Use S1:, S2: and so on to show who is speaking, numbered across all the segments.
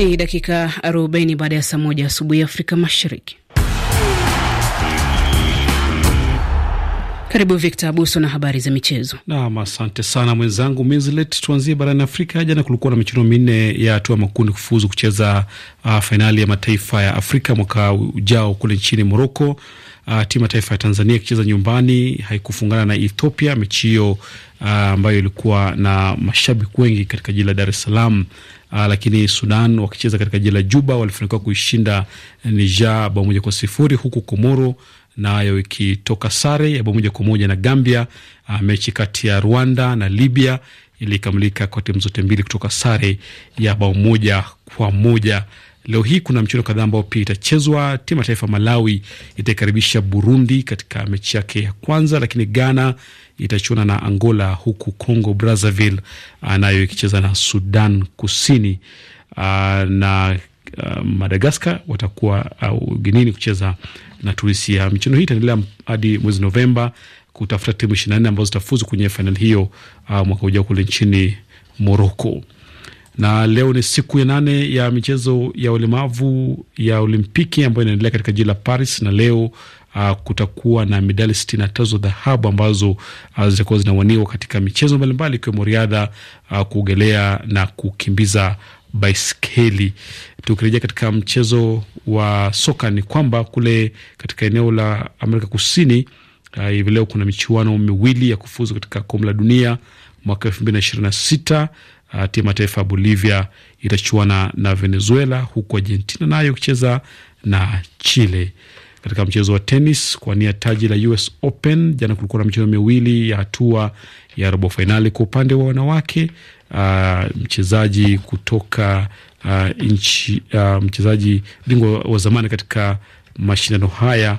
S1: Ni dakika 40 baada ya saa moja asubuhi Afrika Mashariki. Karibu Victor Abuso na habari za
S2: michezo. Nam, asante sana mwenzangu Mizlet. Tuanzie barani Afrika. Jana kulikuwa na michuano minne ya hatua makundi kufuzu kucheza uh, fainali ya mataifa ya Afrika mwaka ujao kule nchini Moroko uh, timu ya taifa ya Tanzania ikicheza nyumbani haikufungana na Ethiopia mechi hiyo ah, ambayo ilikuwa na mashabiki wengi katika jiji la Dar es Salaam. Uh, lakini Sudan wakicheza katika jiji la Juba walifanikiwa kuishinda Niger bao moja kwa sifuri huku Komoro nayo na ikitoka sare ya bao moja kwa moja na Gambia. Uh, mechi kati ya Rwanda na Libya ilikamilika kwa timu zote mbili kutoka sare ya bao moja kwa moja. Leo hii kuna mchezo kadhaa ambao pia itachezwa. Timu ya taifa Malawi itaikaribisha Burundi katika mechi yake ya kwanza, lakini Ghana itachuana na Angola, huku Congo Brazzaville ah, nayo ikicheza na Sudan Kusini ah, na ah, Madagaskar watakuwa ugenini kucheza na Tunisia. Michuano hii itaendelea hadi mwezi Novemba kutafuta timu ishirini na nne ambazo zitafuzu kwenye fainali hiyo mwaka ujao kule nchini Moroko na leo ni siku ya nane ya michezo ya ulemavu ya Olimpiki ambayo inaendelea katika jiji la Paris, na leo uh, kutakuwa na medali sitini na tatu za dhahabu ambazo uh, zitakuwa zinawaniwa katika michezo mbalimbali ikiwemo riadha, uh, kuogelea na kukimbiza baiskeli. Tukirejea katika mchezo wa soka, ni kwamba kule katika eneo la Amerika Kusini hivi uh, leo kuna michuano miwili ya kufuzu katika kombe la dunia mwaka elfu mbili na ishirini na sita Uh, timu ya taifa ya Bolivia itachuana na Venezuela, huku Argentina nayo ikicheza na Chile. Katika mchezo wa tenis kuwania taji la US Open, jana kulikuwa na michezo miwili ya hatua ya robo fainali kwa upande wa wanawake. Uh, mchezaji kutoka uh, nchi uh, mchezaji bingwa wa zamani katika mashindano haya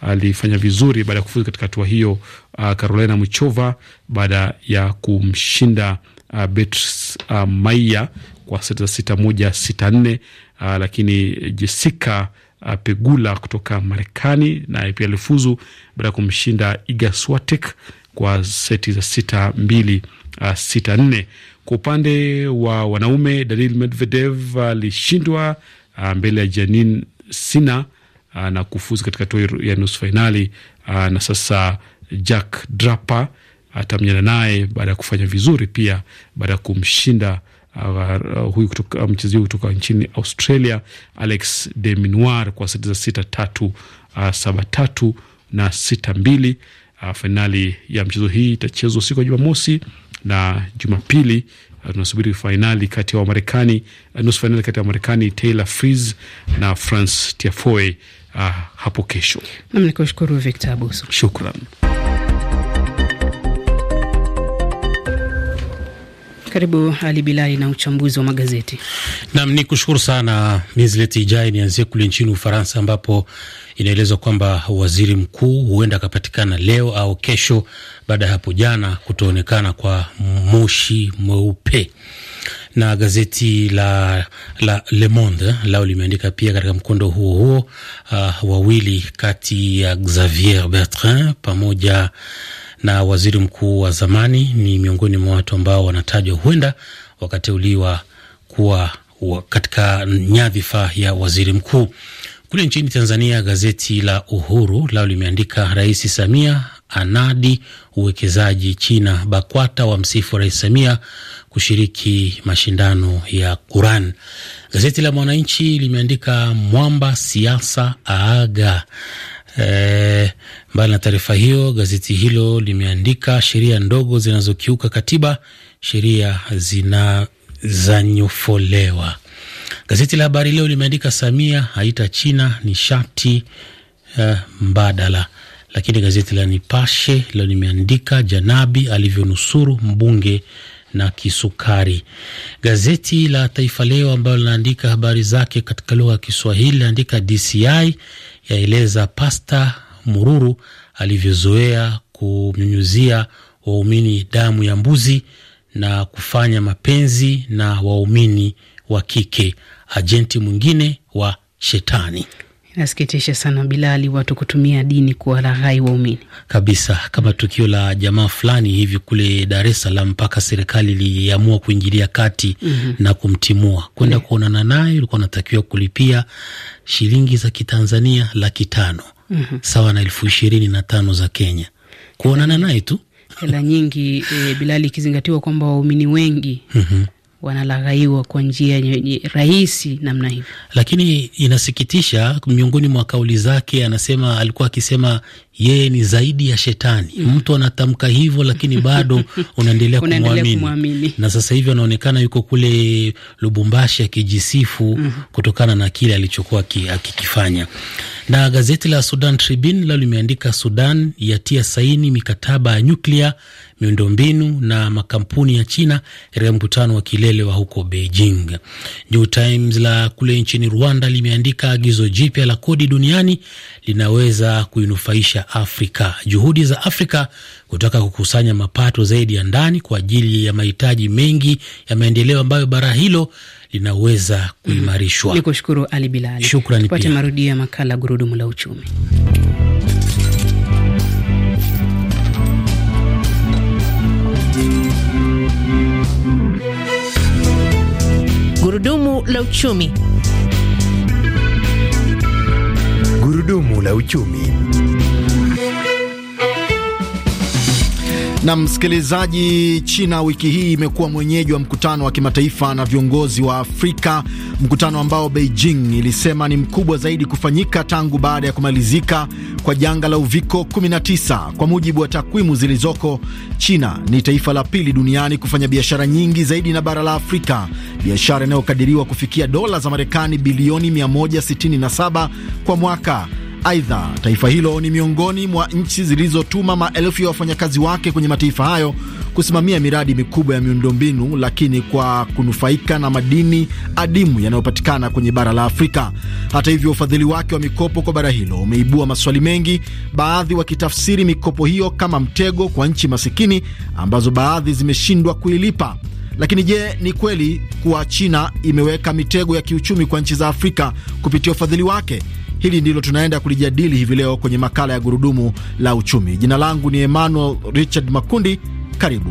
S2: alifanya vizuri baada ya kufuzu katika hatua hiyo, uh, Carolina Muchova baada ya kumshinda uh, Beatrice uh, Maia kwa za sita moja sita nne uh, lakini Jessica uh, Pegula kutoka Marekani naye pia alifuzu baada ya kumshinda Iga Swiatek kwa seti za sita mbili uh, sita nne. Kwa upande wa wanaume Daniil Medvedev alishindwa uh, mbele ya Janin Sina uh, na kufuzu katika hatua ya nusu fainali uh, na sasa Jack Draper atamenyana naye baada ya kufanya vizuri pia baada ya kumshinda Uh, uh huyu kutoka uh, mchezaji huyu kutoka nchini Australia Alex de Minaur kwa seti za sita tatu, uh, saba tatu na sita mbili. Uh, fainali ya mchezo hii itachezwa siku ya Jumamosi na Jumapili. Uh, tunasubiri fainali kati ya Wamarekani, uh, nusu fainali kati ya Wamarekani Taylor Fritz na France Tiafoe uh, hapo kesho. Nami
S1: kushukuru Victor Abuso, shukran. Karibu Ali Bilali na uchambuzi wa magazeti.
S3: Nam ni kushukuru sana Mislet Ijai. Nianzie kule nchini Ufaransa ambapo inaelezwa kwamba waziri mkuu huenda akapatikana leo au kesho baada ya hapo jana kutoonekana kwa moshi mweupe na gazeti la, la Le Monde lao limeandika pia katika mkondo huo huo, uh, wawili kati ya Xavier Bertrand pamoja na waziri mkuu wa zamani ni miongoni mwa watu ambao wanatajwa huenda wakateuliwa kuwa katika nyadhifa ya waziri mkuu. Kule nchini Tanzania, gazeti la Uhuru lao limeandika Rais Samia anadi uwekezaji China. BAKWATA wa wamsifu Rais Samia kushiriki mashindano ya Quran. Gazeti la Mwananchi limeandika mwamba siasa aaga E, mbali na taarifa hiyo, gazeti hilo limeandika sheria ndogo zinazokiuka katiba, sheria zinazanyofolewa. Gazeti la Habari Leo limeandika Samia haita China nishati e, eh, mbadala. Lakini gazeti la Nipashe leo limeandika Janabi alivyonusuru mbunge na kisukari. Gazeti la Taifa Leo ambalo linaandika habari zake katika lugha ya Kiswahili linaandika DCI yaeleza Pasta Mururu alivyozoea kunyunyuzia waumini damu ya mbuzi na kufanya mapenzi na waumini wa kike, ajenti mwingine wa shetani.
S1: Inasikitisha sana Bilali,
S3: watu kutumia dini kuwalaghai waumini kabisa, kama tukio la jamaa fulani hivi kule Dar es Salaam, mpaka serikali iliamua kuingilia kati mm -hmm. na kumtimua kwenda yeah. kuonana naye, ulikuwa unatakiwa kulipia shilingi za Kitanzania laki tano mm -hmm. sawa na elfu ishirini na tano za Kenya kuonana naye tu
S1: hela nyingi e, Bilali, ikizingatiwa kwamba waumini wengi mm -hmm wanalaghaiwa kwa njia
S3: rahisi namna hivyo. Lakini inasikitisha, miongoni mwa kauli zake anasema, alikuwa akisema yeye ni zaidi ya shetani mm. Mtu anatamka hivyo, lakini bado unaendelea kumwamini, na sasa hivi anaonekana yuko kule Lubumbashi akijisifu mm -hmm. kutokana na kile alichokuwa akikifanya. Na gazeti la Sudan Tribune lao limeandika Sudan yatia saini mikataba ya nyuklia, miundombinu na makampuni ya China katika mkutano wa kilele wa huko Beijing. New Times la kule nchini Rwanda limeandika agizo jipya la kodi duniani linaweza kuinufaisha Afrika. Juhudi za Afrika kutaka kukusanya mapato zaidi ya ndani kwa ajili ya mahitaji mengi ya maendeleo ambayo bara hilo linaweza kuimarishwa. Mm-hmm.
S1: Ni kushukuru Ali Bilali. Shukrani. Tupate marudio ya makala Gurudumu la Uchumi. Gurudumu la Uchumi.
S4: Gurudumu la Uchumi. Na msikilizaji, China wiki hii imekuwa mwenyeji wa mkutano wa kimataifa na viongozi wa Afrika, mkutano ambao Beijing ilisema ni mkubwa zaidi kufanyika tangu baada ya kumalizika kwa janga la uviko 19. Kwa mujibu wa takwimu zilizoko, China ni taifa la pili duniani kufanya biashara nyingi zaidi na bara la Afrika, biashara inayokadiriwa kufikia dola za Marekani bilioni 167 kwa mwaka. Aidha, taifa hilo ni miongoni mwa nchi zilizotuma maelfu ya wafanyakazi wake kwenye mataifa hayo kusimamia miradi mikubwa ya miundombinu, lakini kwa kunufaika na madini adimu yanayopatikana kwenye bara la Afrika. Hata hivyo, ufadhili wake wa mikopo kwa bara hilo umeibua maswali mengi, baadhi wakitafsiri mikopo hiyo kama mtego kwa nchi masikini ambazo baadhi zimeshindwa kuilipa. Lakini je, ni kweli kuwa China imeweka mitego ya kiuchumi kwa nchi za Afrika kupitia ufadhili wake? Hili ndilo tunaenda kulijadili hivi leo kwenye makala ya gurudumu la uchumi. Jina langu ni Emmanuel Richard Makundi. Karibu.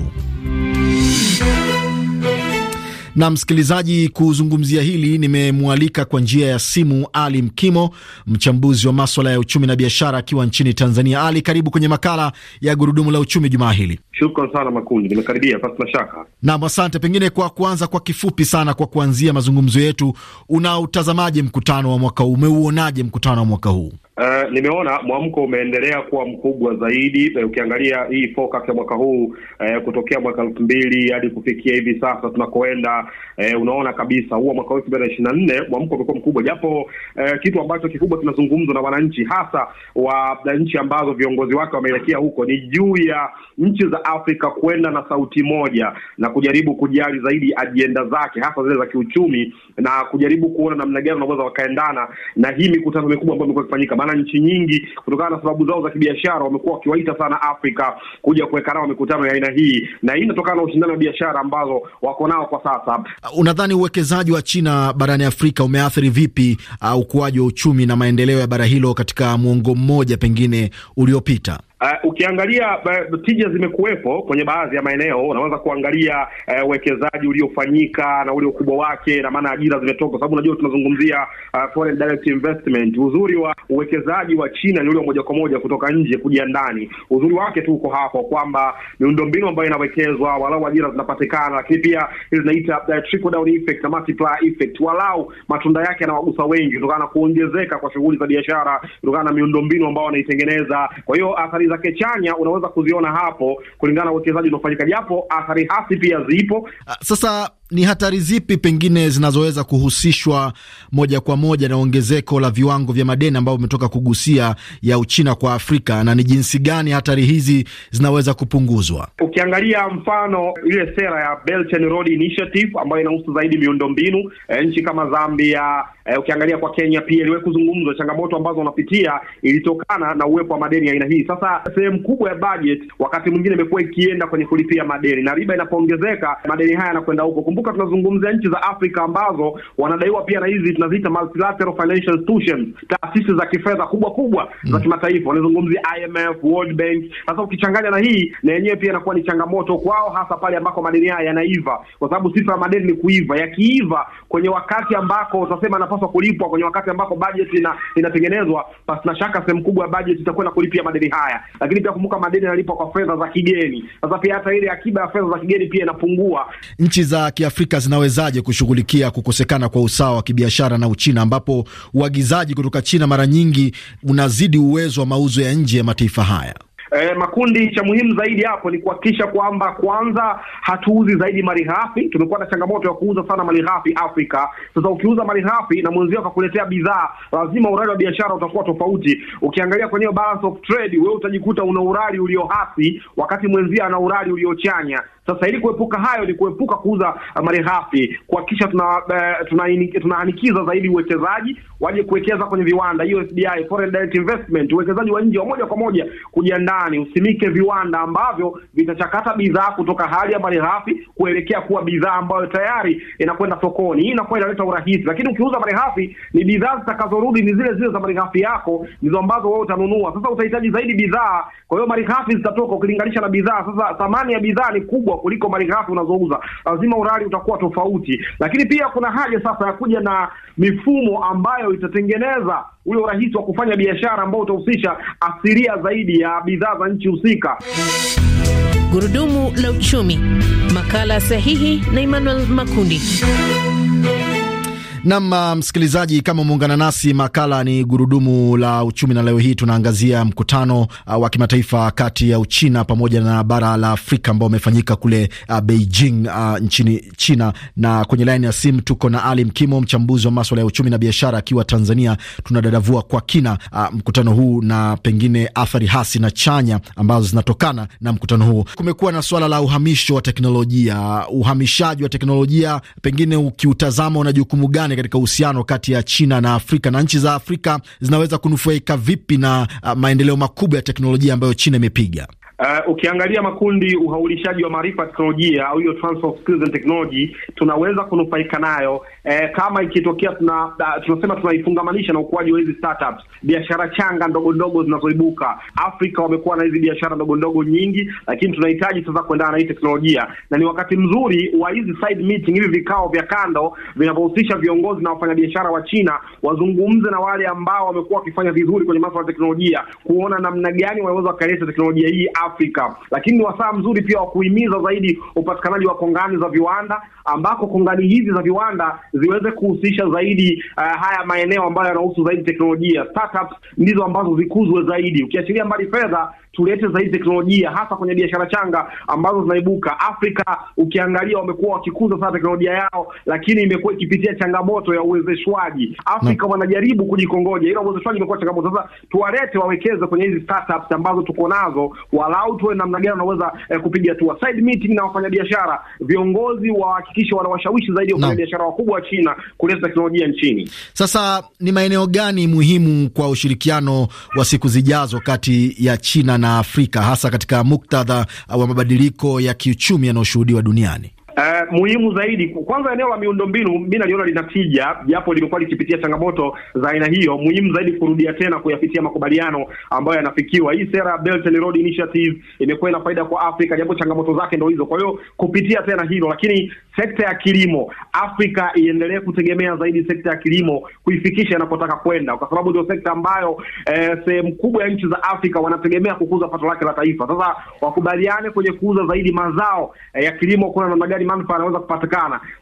S4: Na msikilizaji, kuzungumzia hili nimemwalika kwa njia ya simu Ali Mkimo, mchambuzi wa maswala ya uchumi na biashara akiwa nchini Tanzania. Ali, karibu kwenye makala ya gurudumu la uchumi jumaa hili.
S5: Shukran sana Makundi, nimekaribia pasina shaka.
S4: Nam, asante. Pengine kwa kuanza kwa kifupi sana, kwa kuanzia mazungumzo yetu, unautazamaje mkutano wa mwaka huu? Umeuonaje mkutano wa mwaka huu?
S5: Uh, nimeona mwamko umeendelea kuwa mkubwa zaidi. Eh, ukiangalia hii focus ya mwaka huu uh, kutokea mwaka elfu mbili hadi kufikia hivi sasa tunakoenda, uh, unaona kabisa huwa mwaka elfu mbili na ishirini na nne mwamko umekuwa mkubwa, japo uh, kitu ambacho kikubwa kinazungumzwa na wananchi hasa wa nchi ambazo viongozi wake wameelekea huko ni juu ya nchi za Afrika kwenda na sauti moja na kujaribu kujali zaidi ajenda zake hasa zile za kiuchumi na kujaribu kuona namna gani wanaweza wakaendana na hii mikutano mikubwa ambayo imekuwa ikifanyika sana nchi nyingi kutokana na sababu zao za kibiashara, wamekuwa wakiwaita sana Afrika kuja kuweka nao mikutano ya aina hii, na hii inatokana na ushindani wa biashara ambazo wako nao kwa sasa.
S4: Uh, unadhani uwekezaji wa China barani Afrika umeathiri vipi uh, ukuaji wa uchumi na maendeleo ya bara hilo katika muongo mmoja pengine uliopita?
S5: Uh, ukiangalia uh, tija zimekuwepo kwenye baadhi ya maeneo, unaweza kuangalia eh, uwekezaji uh, uliofanyika na ule ukubwa wake, na maana ajira zimetoka, kwa sababu unajua tunazungumzia uh, foreign direct investment. Uzuri wa uwekezaji wa China ni ule moja kwa moja kutoka nje kuja ndani. Uzuri wake tu uko hapo kwamba miundombinu ambayo inawekezwa, walau ajira zinapatikana, lakini pia hizi zinaita uh, trickle down effect na multiplier effect, walau matunda yake yanawagusa wengi kutokana na kuongezeka kwa shughuli za biashara, kutokana na miundombinu ambayo wanaitengeneza. Kwa hiyo athari zake chanya unaweza kuziona hapo kulingana na uwekezaji unaofanyika, japo athari hasi pia zipo. Ah, sasa
S4: ni hatari zipi pengine zinazoweza kuhusishwa moja kwa moja na ongezeko la viwango vya madeni ambayo umetoka kugusia ya Uchina kwa Afrika, na ni jinsi gani hatari hizi zinaweza kupunguzwa?
S5: Ukiangalia mfano ile sera ya Belt and Road Initiative ambayo inahusu zaidi miundombinu e, nchi kama Zambia e, ukiangalia kwa Kenya pia iliwe kuzungumzwa changamoto ambazo wanapitia ilitokana na uwepo wa madeni ya aina hii. Sasa sehemu kubwa ya budget wakati mwingine imekuwa ikienda kwenye kulipia madeni na riba inapoongezeka madeni haya yanakwenda huko Kumbuka tunazungumzia nchi za Afrika ambazo wanadaiwa pia na hizi tunaziita multilateral financial institutions, taasisi za kifedha kubwa kubwa mm. za kimataifa, wanazungumzia IMF, World Bank. Sasa ukichanganya na hii na yenyewe pia inakuwa ni changamoto kwao, hasa pale ambako madeni haya yanaiva, kwa sababu sifa ya madeni ni kuiva. Yakiiva kwenye wakati ambako utasema anapaswa kulipwa, kwenye wakati ambako bajeti ina, inatengenezwa, basi na shaka sehemu kubwa ya bajeti itakuwa na kulipia madeni haya. Lakini pia kumbuka, madeni yanalipwa kwa fedha za kigeni. Sasa pia hata ile akiba ya fedha za kigeni pia inapungua.
S4: Nchi za kia Afrika zinawezaje kushughulikia kukosekana kwa usawa wa kibiashara na Uchina, ambapo uagizaji kutoka China mara nyingi unazidi uwezo wa mauzo ya nje ya mataifa haya?
S5: E, makundi, cha muhimu zaidi hapo ni kuhakikisha kwamba kwanza hatuuzi zaidi mali ghafi Tumekuwa na changamoto ya kuuza sana mali ghafi Afrika. Sasa ukiuza mali ghafi na mwenzio akakuletea bidhaa, lazima urari wa biashara utakuwa tofauti. Ukiangalia kwenye balance of trade, wewe utajikuta una urari ulio hasi, wakati mwenzio ana urari uliochanya. Sasa ili kuepuka hayo ni kuepuka kuuza uh, malighafi, kuhakikisha uh, tunaanikiza tuna, tuna zaidi uwekezaji waje kuwekeza kwenye viwanda USDI, foreign direct investment, uwekezaji wa nje wa moja kwa moja kuja ndani, usimike viwanda ambavyo vitachakata bidhaa kutoka hali ya malighafi kuelekea kuwa bidhaa ambayo tayari inakwenda sokoni. Hii inakuwa inaleta urahisi, lakini ukiuza malighafi ni bidhaa zitakazorudi ni zile zile za malighafi yako ndizo ambazo wewe utanunua. Sasa utahitaji zaidi bidhaa, kwa hiyo malighafi zitatoka ukilinganisha na bidhaa. Sasa thamani ya bidhaa ni kubwa kuliko malighafi unazouza, lazima urari utakuwa tofauti. Lakini pia kuna haja sasa ya kuja na mifumo ambayo itatengeneza ule urahisi wa kufanya biashara ambao utahusisha asilia zaidi ya bidhaa za nchi husika. Gurudumu
S1: la Uchumi, makala sahihi na Emmanuel Makundi.
S4: Nam uh, msikilizaji, kama umeungana nasi, makala ni gurudumu la uchumi, na leo hii tunaangazia mkutano uh, wa kimataifa kati ya Uchina pamoja na bara la Afrika ambao umefanyika kule uh, Beijing uh, nchini China, na kwenye laini ya simu tuko na Ali Mkimo, mchambuzi wa maswala ya uchumi na biashara, akiwa Tanzania. Tunadadavua kwa kina uh, mkutano huu na pengine athari hasi na chanya ambazo zinatokana na mkutano huu. Kumekuwa na swala la uhamisho wa teknolojia, uh, uhamishaji wa teknolojia, pengine ukiutazama una jukumu gani gani katika uhusiano kati ya China na Afrika na nchi za Afrika zinaweza kunufaika vipi na uh, maendeleo makubwa ya teknolojia ambayo China imepiga?
S5: Uh, ukiangalia makundi uhaulishaji wa maarifa teknolojia au hiyo transfer of skills and technology tunaweza kunufaika nayo eh, kama ikitokea tuna, uh, tunasema tunaifungamanisha na ukuaji wa hizi startups, biashara changa ndogo ndogo zinazoibuka. Afrika wamekuwa na hizi biashara ndogo ndogo nyingi, lakini tunahitaji sasa kuendana na hii teknolojia, na ni wakati mzuri wa hizi side meeting, hivi vikao vya kando vinavyohusisha viongozi na wafanyabiashara wa China wazungumze na wale ambao wamekuwa wakifanya vizuri kwenye masuala ya teknolojia, kuona namna gani wanaweza wakaleta teknolojia hii Afrika, lakini ni wasaa mzuri pia wa kuhimiza zaidi upatikanaji wa kongani za viwanda, ambako kongani hizi za viwanda ziweze kuhusisha zaidi uh, haya maeneo ambayo yanahusu zaidi teknolojia. Startups ndizo ambazo zikuzwe zaidi, ukiachilia mbali fedha tulete zaidi teknolojia hasa kwenye biashara changa ambazo zinaibuka. Afrika ukiangalia, wamekuwa wakikuza sana teknolojia yao, lakini imekuwa ikipitia changamoto ya uwezeshwaji. Afrika no. wanajaribu kujikongoja, ila uwezeshwaji imekuwa changamoto. Sasa tuwalete wawekeze kwenye hizi startups ambazo tuko nazo, walau tuwe namna gani wanaweza eh, kupiga hatua. Side meeting na wafanyabiashara, viongozi wahakikishe wanawashawishi zaidi wafanyabiashara no. wakubwa wa China kuleta teknolojia nchini.
S4: Sasa ni maeneo gani muhimu kwa ushirikiano wa siku zijazo kati ya China na Afrika, hasa katika muktadha wa mabadiliko ya kiuchumi yanayoshuhudiwa duniani?
S5: Uh, muhimu zaidi kwanza, eneo la miundombinu mimi naliona lina tija, japo limekuwa likipitia changamoto za aina hiyo. Muhimu zaidi kurudia tena kuyapitia makubaliano ambayo yanafikiwa. Hii sera Belt and Road Initiative imekuwa ina faida kwa Afrika, japo changamoto zake ndio hizo. Kwa hiyo kupitia tena hilo, lakini sekta ya kilimo Afrika iendelee kutegemea zaidi sekta ya kilimo kuifikisha inapotaka kwenda, kwa sababu ndio sekta ambayo eh, sehemu kubwa ya nchi za Afrika wanategemea kukuza pato lake la taifa. Sasa wakubaliane kwenye kuuza zaidi mazao eh, ya kilimo, kuna namna gani man faana wada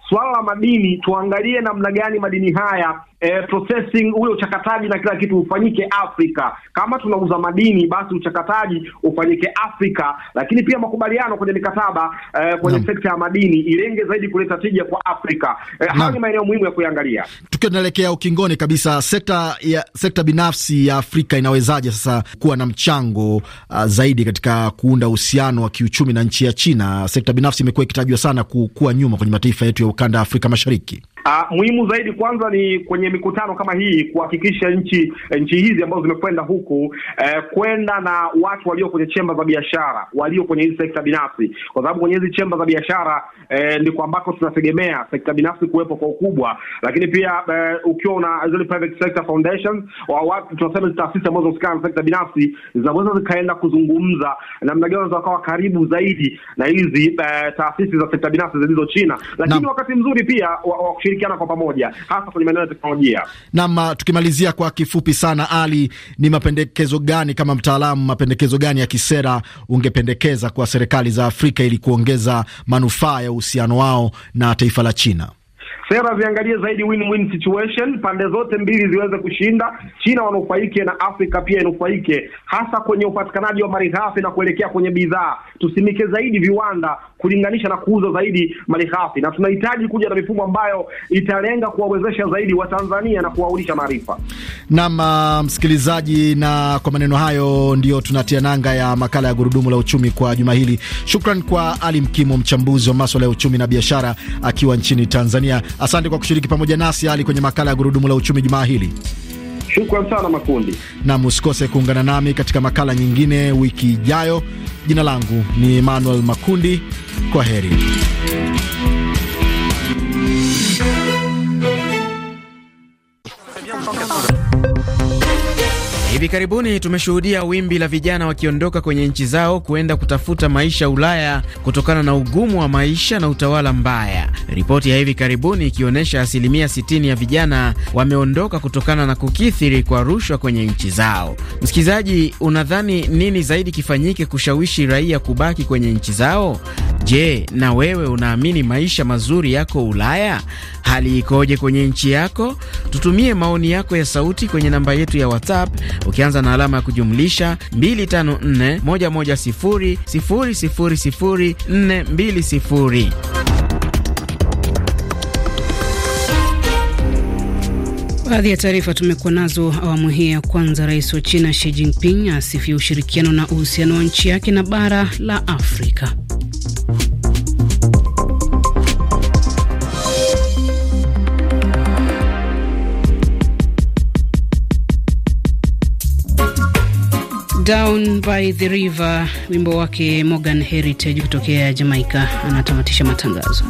S5: swala la madini tuangalie namna gani madini haya e, processing ule uchakataji na kila kitu ufanyike Afrika. Kama tunauza madini, basi uchakataji ufanyike Afrika, lakini pia makubaliano kwenye mikataba e, kwenye sekta ya madini ilenge zaidi kuleta tija kwa Afrika. E, hayo ni maeneo muhimu ya kuiangalia.
S4: Tukiendelekea ukingoni kabisa, sekta ya sekta binafsi ya Afrika inawezaje sasa kuwa na mchango uh, zaidi katika kuunda uhusiano wa kiuchumi na nchi ya China? Sekta binafsi imekuwa ikitajwa sana kuwa nyuma kwenye mataifa yetu ya kanda ya Afrika Mashariki.
S5: Uh, muhimu zaidi kwanza ni kwenye mikutano kama hii kuhakikisha nchi nchi hizi ambazo zimekwenda huku eh, kwenda na watu walio kwenye chemba za biashara walio kwenye hizi sekta binafsi, kwa sababu kwenye hizi chemba za biashara eh, ndiko ambako tunategemea sekta binafsi kuwepo kwa ukubwa, lakini pia eh, ukiwa una zile private sector foundations wa watu tunasema taasisi ambazo zinahusika na sekta binafsi zinaweza zikaenda kuzungumza namna gani wanaweza wakawa karibu zaidi na hizi eh, taasisi za sekta binafsi zilizo China, lakini na wakati mzuri pia wa, wa kushirikiana kwa pamoja, hasa kwenye maeneo ya teknolojia.
S4: Naam, uh, tukimalizia kwa kifupi sana, Ali, ni mapendekezo gani kama mtaalamu, mapendekezo gani ya kisera ungependekeza kwa serikali za Afrika ili kuongeza manufaa ya uhusiano wao na taifa la China?
S5: Sera ziangalie zaidi win-win situation, pande zote mbili ziweze kushinda, China wanufaike na Afrika pia inufaike, hasa kwenye upatikanaji wa malighafi na kuelekea kwenye bidhaa. Tusimike zaidi viwanda kulinganisha na kuuza zaidi malighafi, na tunahitaji kuja na mifumo ambayo italenga kuwawezesha zaidi Watanzania na kuwaulisha maarifa.
S4: Naam uh, msikilizaji, na kwa maneno hayo ndio tunatia nanga ya makala ya Gurudumu la Uchumi kwa juma hili. Shukran kwa Ali Mkimo, mchambuzi wa maswala ya uchumi na biashara, akiwa nchini Tanzania. Asante kwa kushiriki pamoja nasi Ali kwenye makala ya gurudumu la uchumi jumaa hili.
S5: Shukran sana Makundi,
S4: na msikose kuungana nami katika makala nyingine wiki ijayo. Jina langu ni Emmanuel Makundi, kwa heri. Hivi karibuni tumeshuhudia wimbi la vijana wakiondoka kwenye nchi zao kuenda kutafuta maisha Ulaya kutokana na ugumu wa maisha na utawala mbaya. Ripoti ya hivi karibuni ikionyesha asilimia 60 ya vijana wameondoka kutokana na kukithiri kwa rushwa kwenye nchi zao. Msikilizaji, unadhani nini zaidi kifanyike kushawishi raia kubaki kwenye nchi zao? Je, na wewe unaamini maisha mazuri yako Ulaya? Hali ikoje kwenye nchi yako? Tutumie maoni yako ya sauti kwenye namba yetu ya WhatsApp ukianza na alama ya kujumlisha 254110000420.
S1: Baadhi ya taarifa tumekuwa nazo awamu hii ya kwanza. Rais wa China Xi Jinping asifia ushirikiano na uhusiano wa nchi yake na bara la Afrika. Down by the River, wimbo wake Morgan Heritage kutokea Jamaica, anatamatisha matangazo.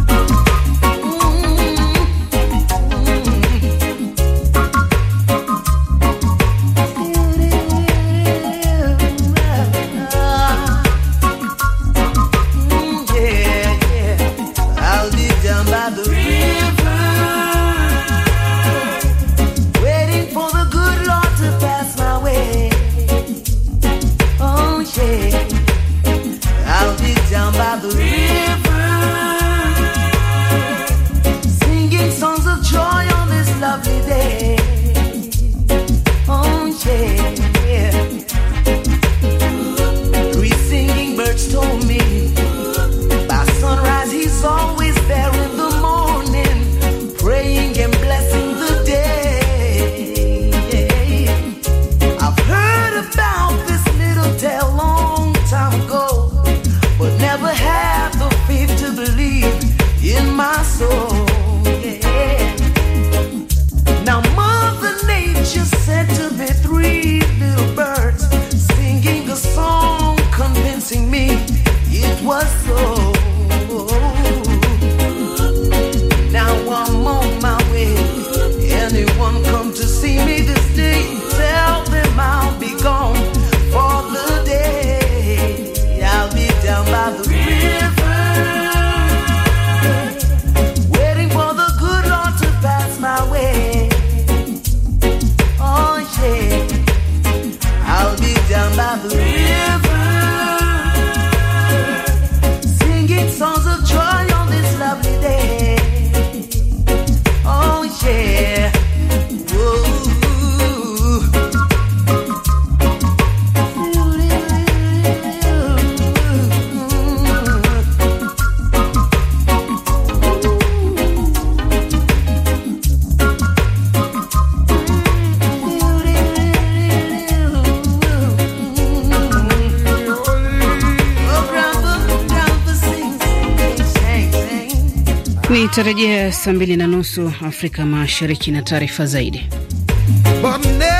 S1: Ni tarajia saa mbili na nusu Afrika Mashariki na taarifa zaidi
S6: Bane.